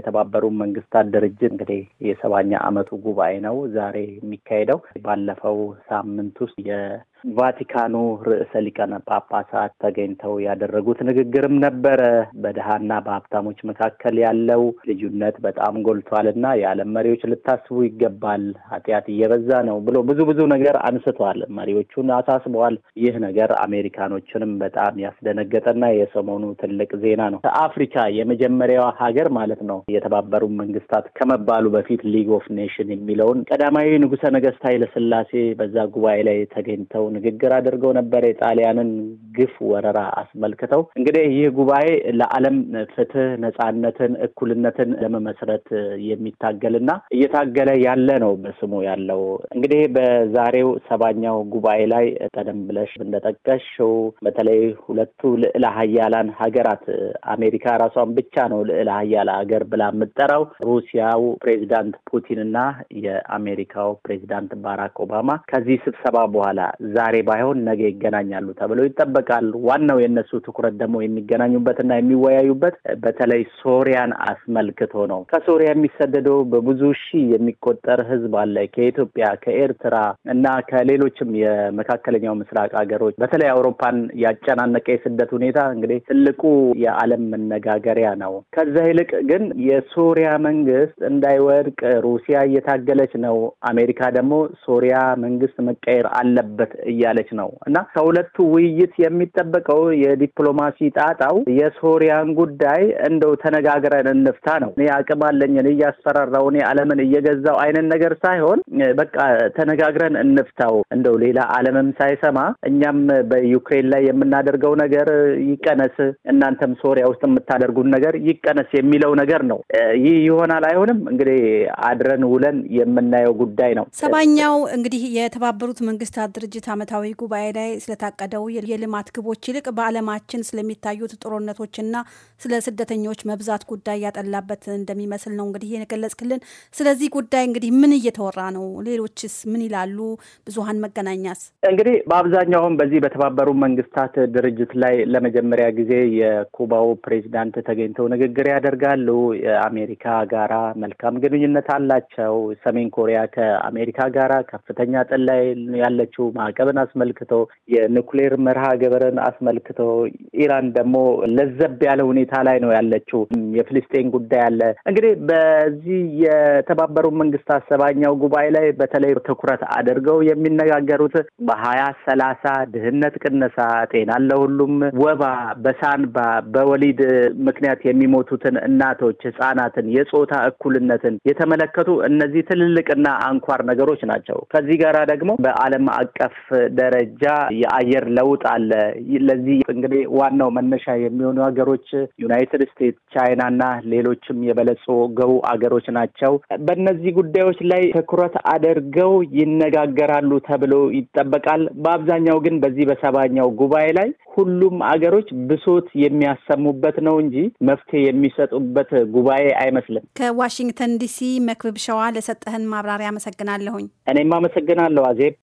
የተባበሩ መንግስታት ድርጅት እንግዲህ የሰባኛ አመቱ ጉባኤ ነው ዛሬ የሚካሄደው። ባለፈው ሳምንት ውስጥ ቫቲካኑ ርዕሰ ሊቀነ ጳጳሳት ተገኝተው ያደረጉት ንግግርም ነበረ። በድሃና በሀብታሞች መካከል ያለው ልዩነት በጣም ጎልቷል እና የዓለም መሪዎች ልታስቡ ይገባል፣ ኃጢአት እየበዛ ነው ብሎ ብዙ ብዙ ነገር አንስተዋል። መሪዎቹን አሳስበዋል። ይህ ነገር አሜሪካኖችንም በጣም ያስደነገጠና የሰሞኑ ትልቅ ዜና ነው። አፍሪካ የመጀመሪያዋ ሀገር ማለት ነው የተባበሩ መንግስታት ከመባሉ በፊት ሊግ ኦፍ ኔሽን የሚለውን ቀዳማዊ ንጉሰ ነገስት ኃይለ በዛ ጉባኤ ላይ ተገኝተው ንግግር አድርገው ነበር የጣሊያንን ግፍ ወረራ አስመልክተው። እንግዲህ ይህ ጉባኤ ለዓለም ፍትህ፣ ነጻነትን፣ እኩልነትን ለመመስረት የሚታገልና እየታገለ ያለ ነው በስሙ ያለው። እንግዲህ በዛሬው ሰባኛው ጉባኤ ላይ ቀደም ብለሽ እንደጠቀሽው በተለይ ሁለቱ ልዕለ ሀያላን ሀገራት አሜሪካ ራሷን ብቻ ነው ልዕለ ሀያላ ሀገር ብላ የምጠራው ሩሲያው ፕሬዚዳንት ፑቲን እና የአሜሪካው ፕሬዚዳንት ባራክ ኦባማ ከዚህ ስብሰባ በኋላ ዛሬ ባይሆን ነገ ይገናኛሉ ተብለው ይጠበቃሉ። ዋናው የእነሱ ትኩረት ደግሞ የሚገናኙበትና የሚወያዩበት በተለይ ሶሪያን አስመልክቶ ነው። ከሶሪያ የሚሰደደው በብዙ ሺህ የሚቆጠር ህዝብ አለ። ከኢትዮጵያ፣ ከኤርትራ እና ከሌሎችም የመካከለኛው ምስራቅ ሀገሮች በተለይ አውሮፓን ያጨናነቀ የስደት ሁኔታ እንግዲህ ትልቁ የዓለም መነጋገሪያ ነው። ከዛ ይልቅ ግን የሶሪያ መንግስት እንዳይወድቅ ሩሲያ እየታገለች ነው። አሜሪካ ደግሞ ሶሪያ መንግስት መቀየር አለበት እያለች ነው እና ከሁለቱ ውይይት የሚጠበቀው የዲፕሎማሲ ጣጣው የሶሪያን ጉዳይ እንደው ተነጋግረን እንፍታ ነው። እኔ አቅም አለኝ እኔ እያስፈራራው እኔ ዓለምን እየገዛው አይነት ነገር ሳይሆን በቃ ተነጋግረን እንፍታው እንደው ሌላ ዓለምም ሳይሰማ እኛም በዩክሬን ላይ የምናደርገው ነገር ይቀነስ፣ እናንተም ሶሪያ ውስጥ የምታደርጉን ነገር ይቀነስ የሚለው ነገር ነው። ይህ ይሆናል አይሆንም እንግዲህ አድረን ውለን የምናየው ጉዳይ ነው። ሰባኛው እንግዲህ የተባበሩት መንግስታት ድርጅት ዓመታዊ ጉባኤ ላይ ስለታቀደው የልማት ግቦች ይልቅ በዓለማችን ስለሚታዩት ጦርነቶችና ስለ ስደተኞች መብዛት ጉዳይ ያጠላበት እንደሚመስል ነው እንግዲህ የገለጽክልን። ስለዚህ ጉዳይ እንግዲህ ምን እየተወራ ነው? ሌሎችስ ምን ይላሉ? ብዙሀን መገናኛስ? እንግዲህ በአብዛኛውም በዚህ በተባበሩ መንግስታት ድርጅት ላይ ለመጀመሪያ ጊዜ የኩባው ፕሬዚዳንት ተገኝተው ንግግር ያደርጋሉ። የአሜሪካ ጋራ መልካም ግንኙነት አላቸው። ሰሜን ኮሪያ ከአሜሪካ ጋራ ከፍተኛ ጥል ላይ ያለችው ማዕቀብ ሀሳብን አስመልክቶ የኒኩሌር መርሃ ግብርን አስመልክቶ ኢራን ደግሞ ለዘብ ያለ ሁኔታ ላይ ነው ያለችው። የፍልስጤን ጉዳይ አለ። እንግዲህ በዚህ የተባበሩ መንግስታት ሰባኛው ጉባኤ ላይ በተለይ ትኩረት አድርገው የሚነጋገሩት በሀያ ሰላሳ ድህነት ቅነሳ፣ ጤና ለሁሉም፣ ወባ፣ በሳንባ በወሊድ ምክንያት የሚሞቱትን እናቶች፣ ህጻናትን፣ የጾታ እኩልነትን የተመለከቱ እነዚህ ትልልቅና አንኳር ነገሮች ናቸው። ከዚህ ጋራ ደግሞ በዓለም አቀፍ ደረጃ የአየር ለውጥ አለ። ለዚህ እንግዲህ ዋናው መነሻ የሚሆኑ ሀገሮች ዩናይትድ ስቴትስ፣ ቻይና እና ሌሎችም የበለጸጉ አገሮች ናቸው። በእነዚህ ጉዳዮች ላይ ትኩረት አድርገው ይነጋገራሉ ተብሎ ይጠበቃል። በአብዛኛው ግን በዚህ በሰባኛው ጉባኤ ላይ ሁሉም አገሮች ብሶት የሚያሰሙበት ነው እንጂ መፍትሄ የሚሰጡበት ጉባኤ አይመስልም። ከዋሽንግተን ዲሲ መክብብ ሸዋ ለሰጠህን ማብራሪያ አመሰግናለሁኝ። እኔም አመሰግናለሁ አዜብ።